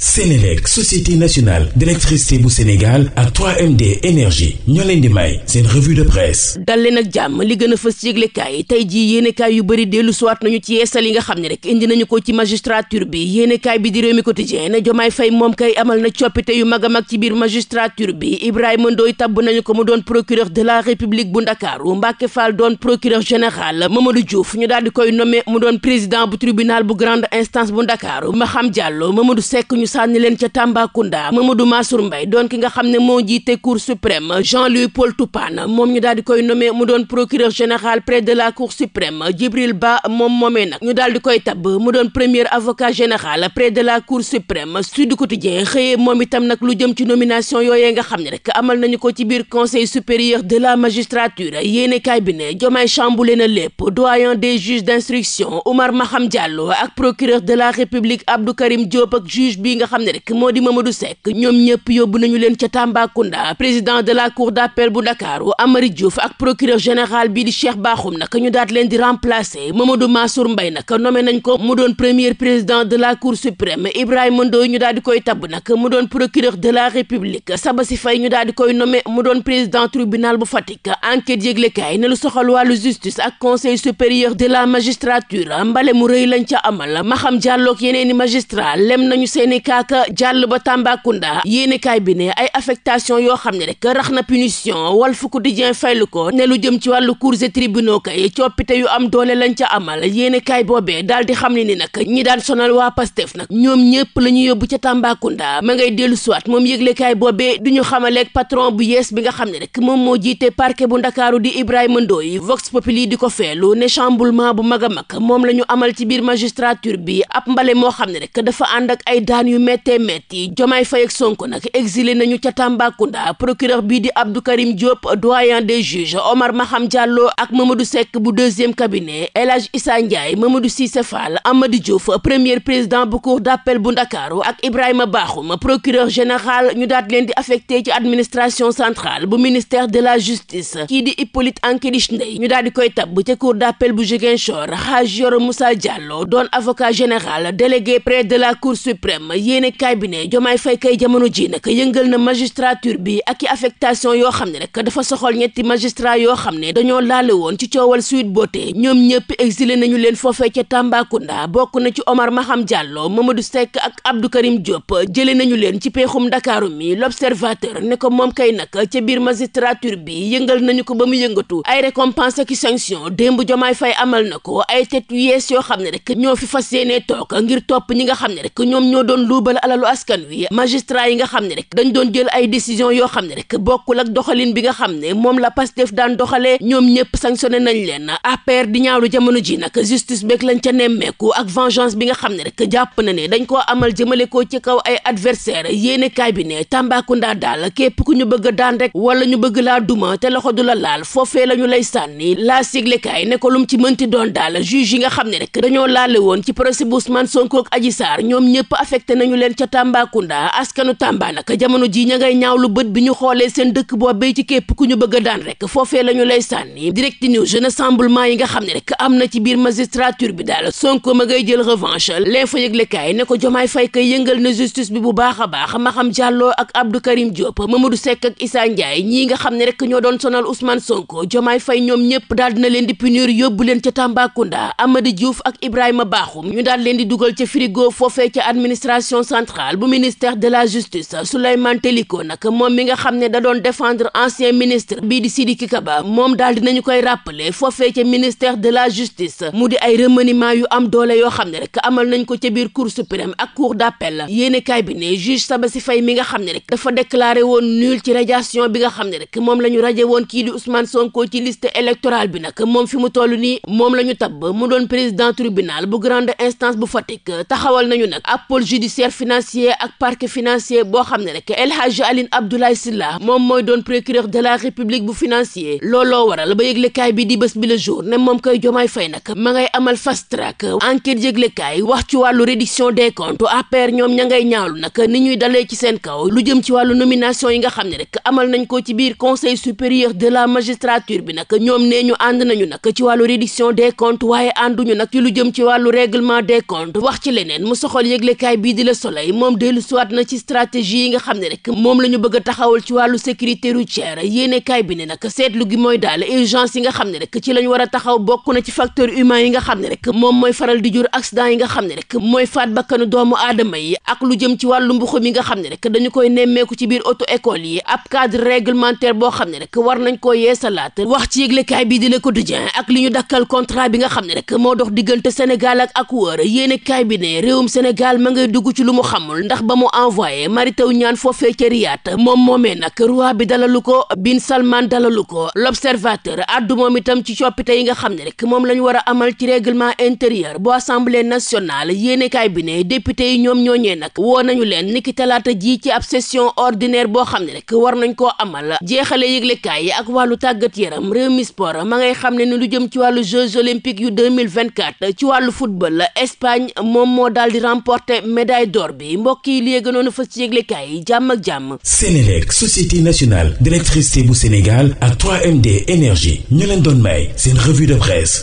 Sénélec société nationale d'électricité bu Sénégal ak 3MD énergie ñoo leen di may seen revue de presse dal jàmm li gën a fës yëglekaay tey jii yéenekaay yu bëri dellu siwaat nañu ci yeesal yi nga xam ne rek indi nañu ko ci magistrature bi yéenekaay bi di Rewmi Quotidien ne Jomaay Fay moom kay amal na coppite yu mag a mag ci biir magistrature bi Ibrahima Ndoy tabb nañu ko mu doon procureur de la République bu Ndakaaru Mbàkke Fall doon procureur général Mamadou Diouf ñu daal di koy nommé mu doon président bu bu grande instance bu Ndakaaru Maham Diallo sànni leen ca Tambacounda Mamadou Mansour Mbaye doon ki nga xam ne moo jiite cour suprême Jean-Louis Paul Toupane moom ñu daal di koy nommé mu doon procureur général près de la cour suprême Djibril Ba moom moomee daal di koy tabb mu doon premier avocat général près de la cour suprême Sud Quotidien xëyee moom itam nag lu jëm ci nomination yooyee nga xam ne rek amal nañu ko ci biir conseil supérieur de la magistrature yéene kaay bi ne Diomaye chamboulé na lépp doyen des juges d'instruction Oumar Maham Diallo ak procureur de la république Abdou Karim Diop juge nga xam ne rek moo di Mamadou Seck ñoom ñëpp yóbbu nañu leen ca Tambacounda président de la cour d'appel bu Dakar Amary Diouf ak di Cheikh Bakhoum di remplacer Mamadou Mansour Mbaye ko mu doon premier président de la cour suprême Ibrahima Ndoye ñu daal di koy tabb nag mu doon di koy nommé mu doon président tribunal bu Fatick enquête yëglekaay ne lu soxal wàllu justice ak conseil supérieur de la magistrature mbale mu rëy lañ ca amal Maham Diallo ak i magistrat lem nañu seen kaaka jàll ba Tambacounda yéenekaay bi ne ay affectation yoo xam ne rek rax na punition Walf Quotidien lu ko ne lu jëm ci wàllu cours et tribunaux kay coppite yu am doole lañ ca amal yéenekaay boobee daal di xam ne ni nag ñi daan sonal waa Pastef nag ñoom ñëpp la ñu yóbbu ca Tambacounda ma ngay dellu suwaat moom yëglekaay boobee du ñu xamaleeg patron bu yees bi nga xam ne rek moom moo jiite parquet bu Ndakaaru di Ibrahima Ndoye Vox Populi di ko feelu ne chamboulement bu mag a mag moom la ñu amal ci biir magistrature bi ab mbale moo xam yu méttee métti Jomaay Faye ak Sonko nag exilé nañu ca Tambacounda procureur bii di Abdou Karim Diop doyen des juges Omar Maham Diallo ak Mamadou Seck bu deuxième cabinet El Hadj Issa Ndiaye Mamadou Cissé Fall Amady Diouf premier président bu cour d'appel bu Ndakaaru ak Ibrahima Bakhoum procureur général ñu daat leen di affecté ci administration centrale bu ministère de la justice kii di Hippolyte Ankelish Ndeye ñu daal di koy tabb ca cour d'appel bu Ziguinchor Hadj Yoro Moussa Diallo doon avocat général délégué près de la cour suprême yéene kaay bi ne jomaay fay kay jamono ji nag yëngal na magistrature bi ak i affectation yoo xam ne rek dafa soxol ñetti magistrat yoo xam ne dañoo laale woon ci coowal Sweet Beauté ñoom ñëpp exilé nañu leen foofee ca Tambacounda bokk na ci Omar Maham Diallo Mamadou Seck ak Abdou Karim Diop jële nañu leen ci peexum ndakaaru mi l'observateur ne ko moom kay nag ca biir magistrature bi yëngal nañu ko ba mu yëngatu ay récompense ak sanction démb jomaay fay amal na ko ay tête yoo xam ne rek ñoo fi fas yéenee toog ngir topp ñi nga xam ne rek ñoom ñoo doon luubal alalu askan wi magistrat yi nga xam ne rek dañ doon jël ay décision yoo xam ne rek bokkul ak doxalin bi nga xam ne moom la Pastef daan doxalee ñoom ñëpp sanctionné nañ leen APR di ñaawlu jamono ji nag justice beeg lañ ca nemmeeku ak vengeance bi nga xam ne rek jàpp na ne dañ koo amal jëmale ko ci kaw ay adversaire yéene cabinet Tambacounda daal képp ku ñu bëgg daan rek wala ñu bëgg laa duma te loxo du la laal foofee la ñu lay sànni laa siglekaay ne ko lum ci mënti doon daal juge yi nga xam ne rek dañoo laale woon ci procès bu Ousmane Sonko ak Adji ñoom ñëpp affecté nañu leen ca Tambacounda askanu Tamba nag jamono ji ña ngay ñaaw lu bët bi ñu xoolee seen dëkk boobee ci képp ku ñu bëgg daan rek foofee la ñu lay sànni direct news rassemblement yi nga xam ne rek am na ci biir magistrature bi daal Sonko ma ngay jël revanche l'info yëglekaay ne ko jomaay fay kay yëngal na justice bi bu baax a baax Maham Diallo ak Abdou Karim Diop Mamadou Seck ak Issa Ndiaye ñii nga xam ne rek ñoo doon sonal Ousmane Sonko jomaay fay ñoom ñëpp daal dina leen di punir yóbbu leen ca Tambacounda amadi Diouf ak Ibrahima Bakhoum ñu daal leen di dugal ca frigo foofee ca administration administration centrale bu ministère de la justice Souleymane Teliko nag moom mi nga xam ne da doon défendre ancien ministre bii di Sidiki Kaba moom daal dinañu koy rappeler foofee ca ministère de la justice mu di ay remaniement yu am doole yoo xam ne rek amal nañ ko ca biir cour suprême ak cour d'appel yéenekaay bi ne juge Sabassi Faye mi nga xam ne rek dafa déclaré woon nul ci radiation bi nga xam ne rek moom la ñu raje woon kii di Ousmane Sonko ci liste bi moom fi mu toll nii moom la ñu tabb mu doon président tribunal bu grande instance bu Fatick taxawal nañu nag commissaire financier ak parquet financier boo xam ne rek El Hadji Aline Abdoulaye Sylla moom mooy doon procureur de la république bu financier looloo waral ba yëglekaay bi di bés bi le jour ne moom koy jomaay fay nag ma ngay amal fast track yëglekaay wax ci wàllu réduction des comptes APR ñoom ña ngay ñaawlu nag ni ñuy dalee ci seen kaw lu jëm ci wàllu nomination yi nga xam ne rek amal nañ ko ci biir conseil supérieur de la magistrature bi nag ñoom nee ñu nañu nag ci wàllu réduction des comptes waaye lu jëm ci wàllu règlement des comptes le soleil moom dellu siwaat na ci stratégie yi nga xam ne rek moom la bëgg a taxawal ci wàllu sécurité routière yéene kaay bi ne nag seetlu gi mooy daal urgence yi nga xam ne rek ci lañ war a taxaw bokk na ci facteur humain yi nga xam ne rek moom mooy faral di jur accident yi nga xam ne rek mooy faat bakkanu doomu aadama yi ak lu jëm ci wàllu mbuxum yi nga xam ne rek dañu koy nemmeeku ci biir auto école yi ab cadre réglementaire boo xam ne rek war nañ koo yeesalaat wax ci yëglekaay bi di Le Quotidien ak li ñu ci lu mu xamul ndax ba mu envoyé Mary Teuw Niane foofee ca Riyad moom moomee nag roi bi dalalu ko bin Salman dalalu ko l'observateur addu moom itam ci coppite yi nga xam ne rek moom la ñu war a amal ci règlement intérieur bu assemblée nationale yéenekaay bi ne député yi ñoom ñooñee nag woo leen niki talaata ji ci ab session ordinaire boo xam ne rek war nañ koo amal jeexale yëglekaay yi ak wàllu tàggat yaram réew mi sport ma ngay xam ne ni lu jëm ci wàllu Jeux olympiques yu 2024 ci wàllu football Espagne moom moo daal door bi mbokk yi li gënoon a fas ci yëglekaay yi jàmm ak jàmm Sénélec société nationale d'électricité bu Sénégal ak 3MD énergie ñu leen doon may seen revue de presse